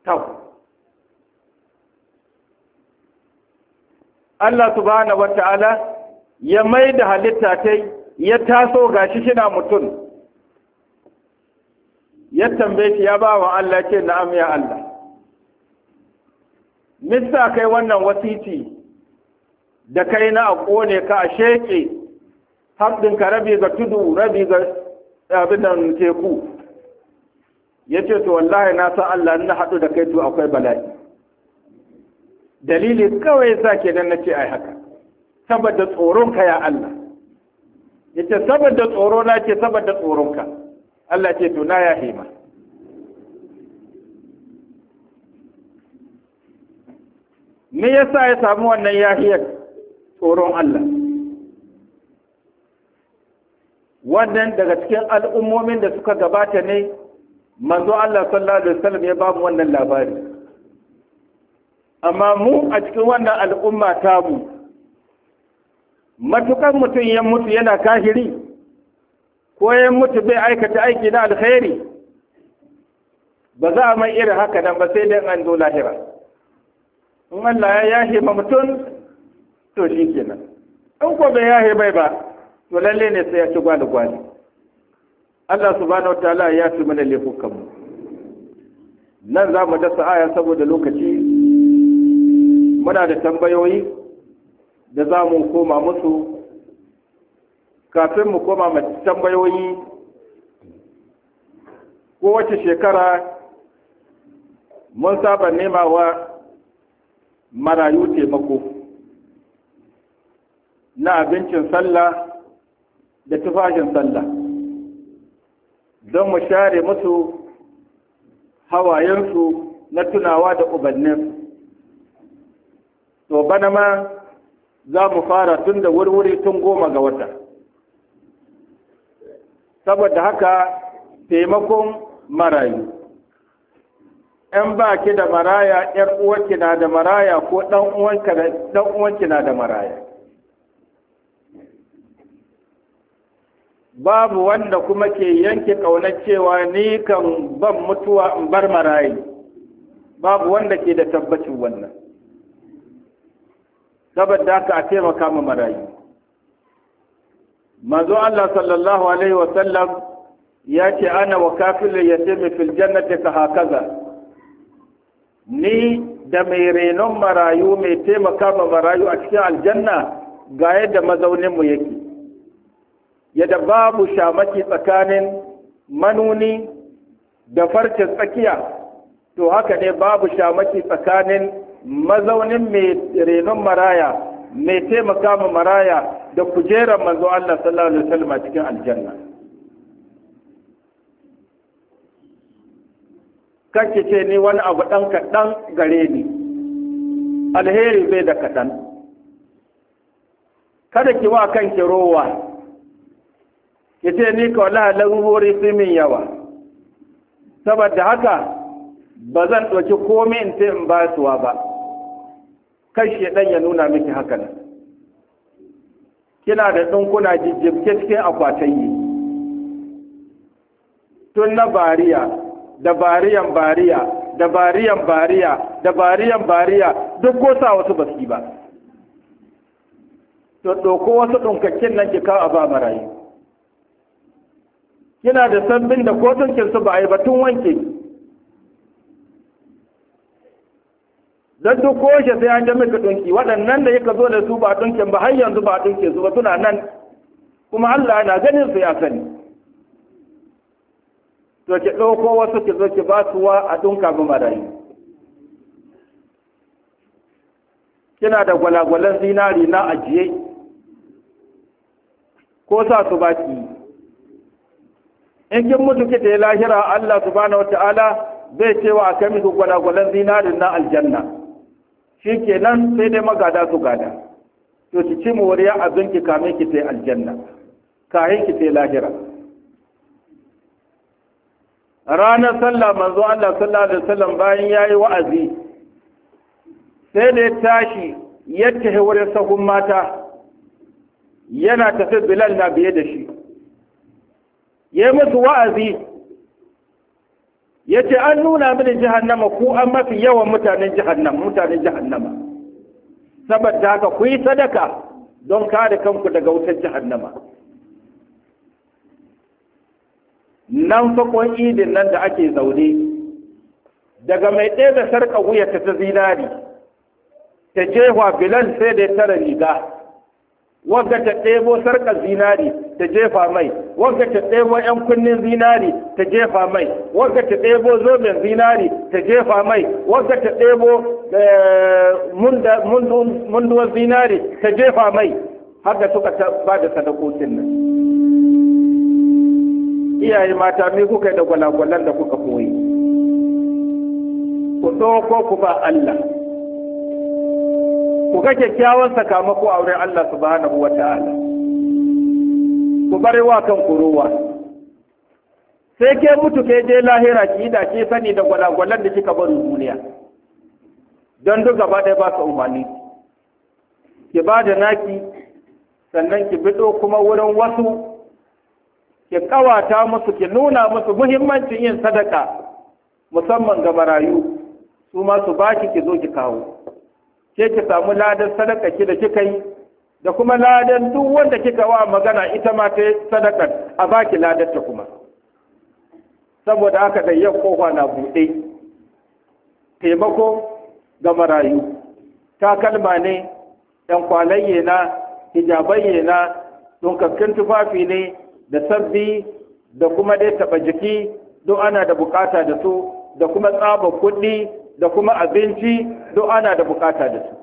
tau Allah subhanahu wata'ala ya mai da halitta ta ya taso ga shi shina mutum ya tambaye shi ya ba wa Allah ce na'am ya Allah mista kai wannan wasiti da kai na a ƙone ka a sheƙe hamdinka rabi ga tudu rabi ga abin nan teku ya ce to wallahi na san Allah na haɗu da kai to akwai bala'i dalili kawai sa ke nan na ce ai haka saboda tsoronka ya Allah ya ce saboda tsoro na ce saboda tsoronka Allah ce to na ya hima me yasa ya samu wannan yahiyar tsoron Allah wannan daga cikin al'ummomin da suka gabata ne manzo Allah sallallahu alaihi wasallam ya ba mu wannan labari amma mu a cikin wannan al'umma ta mu matukan mutum ya mutu yana kahiri ko ya mutu bai aikata aiki na alkhairi ba za a mai irin haka nan ba sai dai an zo lahira in Allah ya yahe ma mutum to shi kenan in ko bai yahe bai ba to lalle ne sai ya ci gwali gwali Allah subhanahu ta'ala ya fi mana laifukan mu nan za mu dasa aya saboda lokaci muna da tambayoyi da za mu koma musu kafin mu koma mu tambayoyi kowace shekara mun saba nema wa marayu taimako na abincin sallah da tufafin sallah don mu share musu hawayensu na tunawa da ubannin to bana ma za mu fara tun da wurwuri tun goma ga wata saboda haka taimakon marayu ‘yan ba ki da maraya ‘yan uwanki na da maraya ko ɗan uwanki na da maraya’ babu wanda kuma ke yanke ƙaunar cewa ni kan ban mutuwa in bar marayi babu wanda ke da tabbacin wannan saboda haka a taimaka ma marayi manzo Allah sallallahu alaihi wasallam ya ce ana wa kafin ya taimi fil jannati ka hakaza ni da mai renon marayu mai taimaka ma marayu a cikin aljanna ga yadda mazauninmu yake yadda babu shamaki tsakanin manuni da farcen tsakiya to haka ne babu shamaki tsakanin mazaunin mai renon maraya mai taimaka ma maraya da kujerar manzo Allah sallallahu alaihi wasallam cikin aljanna kake ce ni wani abu dan kaɗan gare ni alheri bai da kaɗan kada ki wa kanki rowa ite ni ka wala larurori sun min yawa saboda haka ba zan ɗauki komai in ce in ba suwa ba kai ɗan ya nuna miki haka nan kina da ɗinkuna jijjibke cikin akwatayi tun na bariya da bariyan bariya da bariyan bariya da bariyan bariya duk ko sa wasu yi ba to ɗauko wasu ɗunkakin nan ki kawo a ba marayu yana da sambin da kotun su ba a yi batun wanke don duk koshe sai an jami ka tunki waɗannan da yaka zo da su ba tunkin ba har yanzu ba tunke su ba suna nan kuma Allah na ganin su ya sani to ki ɗauko wasu ki zo ki ba su wa a tunka bi marayu kina da gwalagwalan zinari na ajiye ko sa su baki in kin mutu kita ya lahira Allah subhanahu wataala zai cewa a kai miki gwalagwalan zinarin na aljanna shi kenan sai dai magada su gada to ki ci moriya abin ki kame ki sai aljanna kayan ki sai lahira ranar sallah manzo Allah sallallahu alaihi wasallam bayan yayi wa'azi sai da ya tashi ya tafi sahun mata yana tafi Bilal na biye da shi ya musu wa'azi ya ce an nuna mini nama ku an mafi yawan mutanen jihannama mutanen jihannama saboda haka ku yi sadaka don kare kanku daga wutar nama. nan fakon idin nan da ake zaune daga mai ɗaya da sarƙa wuyarta ta zinari ta jefa bilan sai da ya tara riga wagga ta ɗebo sarƙar zinari ta jefa mai wagga ta ɗebo ƴan kunnin zinari ta jefa mai wagga ta ɗebo zoben zinari ta jefa mai wagga ta ɗebo eh, munduwar zinari ta jefa mai har da suka ba da sadakokin nan iyaye mata me kuka yi da gwalagwalan da kuka koyi ku ɗauko ku ba Allah ku ga kyakkyawan sakamako a wurin Allah subhanahu wa ta'ala ku bari wa kan kurowa sai ke mutu ke je lahira ki da ke sani da gwalagwalan da kika bari duniya don duk gaba ɗaya ba su umarni ki ba da naki sannan ki bido kuma wurin wasu ki kawata musu ki nuna musu muhimmancin yin sadaka musamman ga marayu su ma su baki ki zo ki kawo sai ki samu ladan sadaka ki da kika yi da kuma ladan duk wanda kika wa magana ita ma ta sadakar a baki ladan ta kuma saboda haka da yau kofa na buɗe taimako ga marayu ta kalma ne ɗan kwalayye na hijabayye na ɗunkakkun tufafi ne da sabbi da kuma dai taɓa jiki duk ana da bukata da su da kuma tsaba kuɗi da kuma abinci duk ana da bukata da su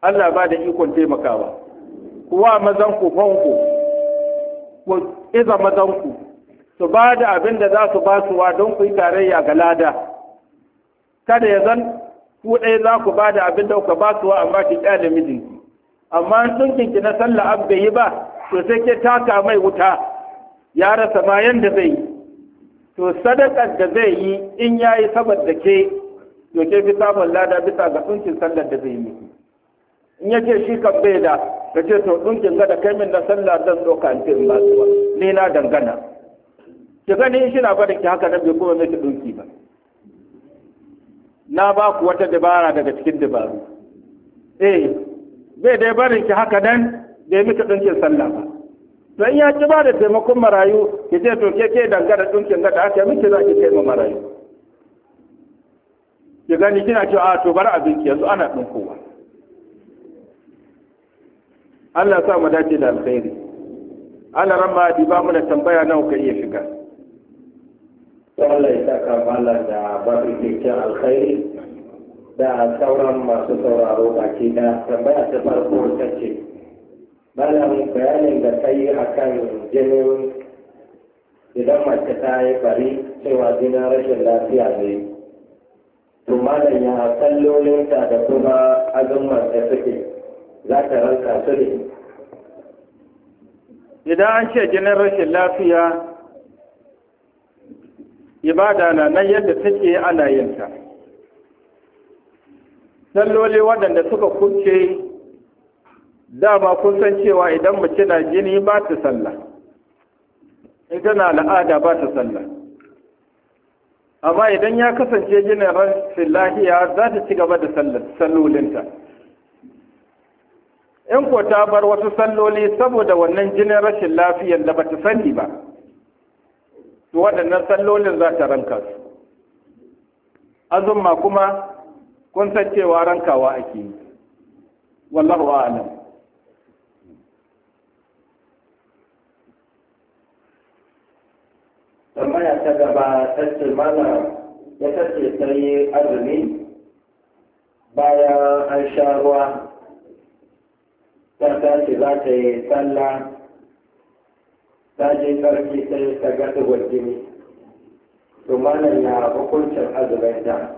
Allah ba da ikon taimakawa kuwa mazan ku fanku ku iza mazan ku su ba da abin da za su ba su wa don ku yi tarayya ga lada kada ya zan ku ɗaya za ku ba da abin da kuka ba su wa amma ki mijinki amma sun kinki na sallah an bai yi ba to sai ke taka mai wuta ya rasa ma yanda zai yi to sadakar da zai yi in ya yayi saboda ke to ke bi samun lada bisa ga ɗunkin sallar da zai yi in ya ce shi ka bai da ka ce to ɗunkin ga da kai min na sallah zan so in in ba su ni na dangana ki gani shi na faɗin ki haka nan bai kuma miki tsunki ba na ba ku wata dabara daga cikin dabaru eh bai dai barin ki haka nan bai miki ɗunkin sallah ba To in ya ci ba da taimakon marayu ki ce to ke ke dangana ɗunkin ga da aka miki za ki kai marayu ya gani kina cewa ah, a to bar abinki yanzu ana ɗinkowa Allah sa mu dace da alkhairi Allah ramma di ba mu da tambaya nawa ka iya shiga Allah ya saka Allah da babu kyakkyan alkhairi da sauran masu sauraro ba baki da tambaya ta farko ta ce malam bayanin da ka yi akan jinin idan mace ta yi bari cewa jinin rashin lafiya ne malam ya ta da kuma azumar da suke za ta ranka su ne idan an ce jinin rashin lafiya ibada na nan yadda take ana yin ta salloli waɗanda suka kuce dama kun san cewa idan mace na jini ba ta sallah in tana al'ada ba ta sallah amma idan ya kasance ginin rashin lahiya za ta ci gaba da sallolinta in ko ta bar wasu salloli saboda wannan jinin rashin lafiyar da ba ta sani ba su waɗannan sallolin za ta ranka su azumma kuma kun san cewa rankawa ake yi wallahu a'lam ya ta gaba ta ce mana ya tace ta yi azumi bayan an sha ruwa ta tashi za ta yi sallah ta je karfi ta ga ta gasa gwajini to mana ya hukuncin azumin da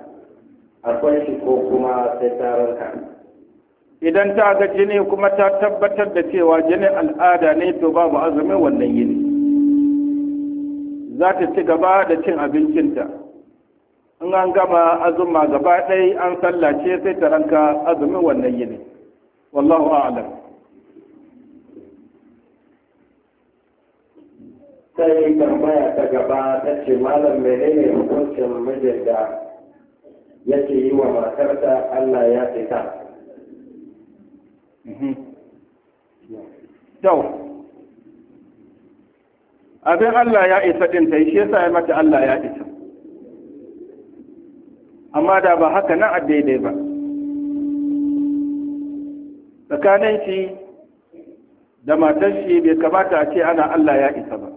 akwai shi ko kuma sai ta ranka idan ta ga jini kuma ta tabbatar da cewa jini al'ada ne to babu azumin wannan yini za ta ci gaba da cin abincinta in an gama azuma gaba ɗaya an sallace sai ta ranka azumin wannan yini wallahu a'lam sai tambaya ta gaba ta ce malam menene hukuncin mijin da yake yi wa matarsa Allah ya fita. Yau, abin Allah ya isa ɗin ta yi shi yasa ya mata Allah ya isa amma da ba haka nan a daidai ba tsakanin shi da matar shi bai kamata a ce ana Allah ya isa ba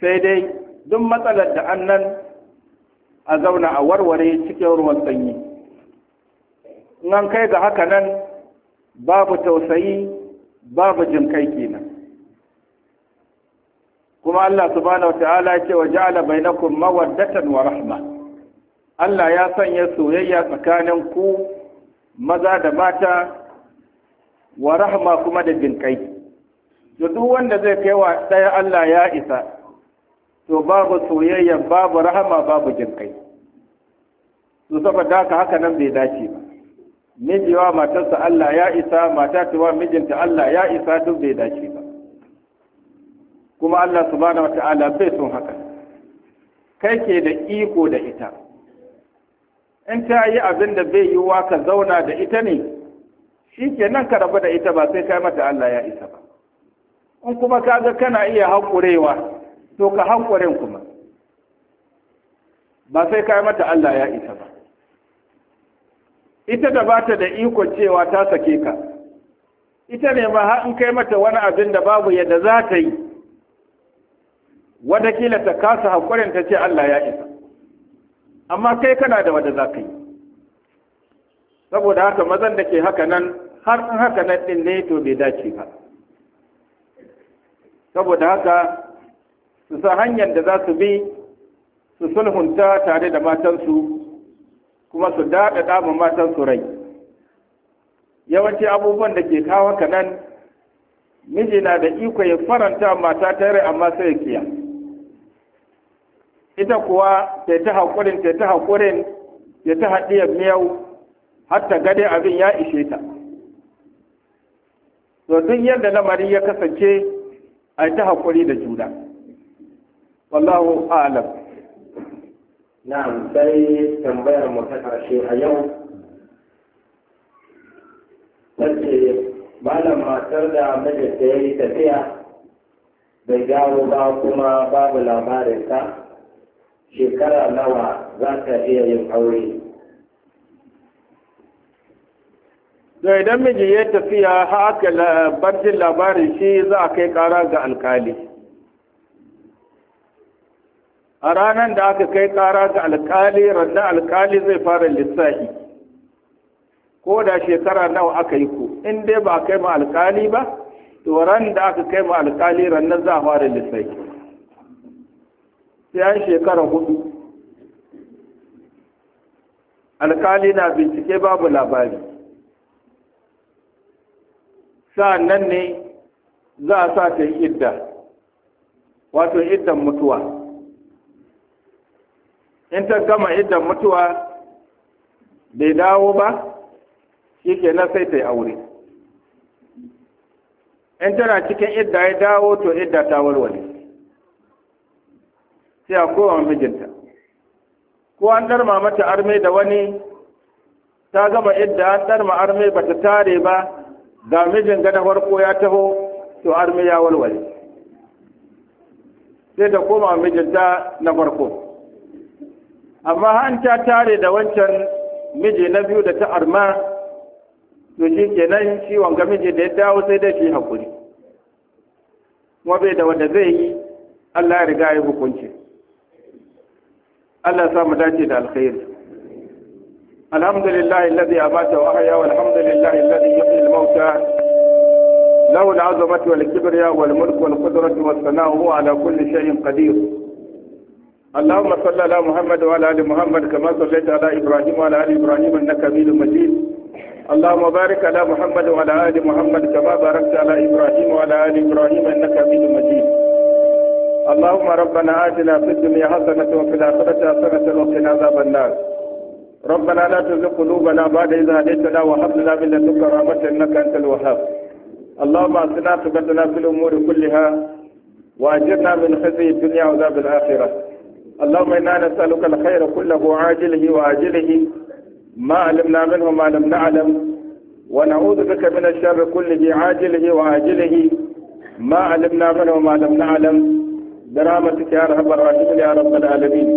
sai dai duk matsalar da annan a zauna a warware cikin ruwan sanyi in an kai ga haka nan babu tausayi babu jin kai kenan kuma Allah subhanahu wata'ala ya ce wa ja'ala bainakum mawaddatan wa rahma Allah ya sanya soyayya tsakanin ku maza da mata wa rahma kuma da To duk wanda zai kai wa ɗaya Allah ya isa to babu soyayya babu rahama babu kai to saboda haka haka nan bai dace ba miji wa matarsa Allah ya isa mata ta wa mijinta Allah ya isa duk bai dace ba kuma Allah subhanahu ta'ala bai son haka kai ke da iko da ita in ta yi abin da bai yiwuwa ka zauna da ita ne shi ke nan ka rabu da ita ba sai kai mata Allah ya isa ba in kuma ka ga kana iya haƙurewa to ka haƙurin kuma ba sai kai mata Allah ya isa ba ita da bata da iko cewa ta sake ka ita ne ma har in kai mata wani abin da babu yadda za ta yi wata ta kasa haƙurin ta ce Allah ya isa amma kai kana da wanda za yi saboda haka mazan da ke haka nan har in haka nan ɗin ne to bai dace ba saboda haka su sa hanyar da za su bi su sulhunta tare da matansu kuma su daɗa ma matansu rai yawanci abubuwan da ke kawo haka nan miji na da iko ya faranta mata ta rai amma sai ya kiyaye ita kuwa ta ta haƙurin ta ta haƙurin ta ta haɗiyar miyau har ta gade abin ya ishe ta to duk yadda lamari ya kasance a ta haƙuri da juna wallahu alam na'am sai tambayar mu ta ƙarshe a yau tace malam matar da mijinta ya yi tafiya bai gawo ba kuma babu labarinsa shekara nawa za ka iya yin aure to idan miji ya tafiya haka barjin labarin shi za a kai kara ga alkali a ranar da aka kai kara ga alkali rannan alkali zai fara lissafi ko da shekara nawa aka yi ku in dai ba a kai ma alkali ba to ran da aka kai ma alkali rannan za a fara lissafi sai an shekara hudu alkali na bincike babu labari sa'an nan ne za a sa ta yi idda wato iddan mutuwa in ta gama iddan mutuwa bai dawo ba shi ke sai ta yi aure in tana cikin idda ya dawo to idda ta warware sai a koma mijinta ko an darma mata arme da wani ta gama idda an darma arme ba ta tare ba ga mijin gada farko ya taho to arme ya walwale sai ta koma mijinta na farko amma an ta tare da wancan miji na biyu da ta arma to shi kenan shi wanga miji da ya dawo sai dai shi hakuri kuma bai da wanda zai yi Allah ya riga ya hukunci Allah ya samu dace da alkhairi alhamdulillah alladhi amata wa ahya walhamdulillah alladhi yuhyi al-mauta lahu al-'azamatu wal-kibriya wal-mulku wal-qudratu was huwa 'ala kulli shay'in qadir اللهم صل على محمد وعلى ال محمد كما صليت على ابراهيم وعلى ال ابراهيم انك حميد مجيد اللهم بارك على محمد وعلى ال محمد كما باركت على ابراهيم وعلى ال ابراهيم انك حميد مجيد اللهم ربنا آتنا في الدنيا حسنة وفي الآخرة حسنة وقنا عذاب النار ربنا لا تزغ قلوبنا بعد إذا هديتنا وهب لنا من لدنك رحمة إنك أنت الوهاب اللهم أعطنا تقدنا في الأمور كلها وأجرنا من خزي الدنيا وعذاب الآخرة اللهم إنا نسألك الخير كله عاجله وآجله ما علمنا منه ما لم نعلم ونعوذ بك من الشر كله عاجله وآجله ما علمنا منه ما لم نعلم برحمتك يا ارحم الراحمين يا رب العالمين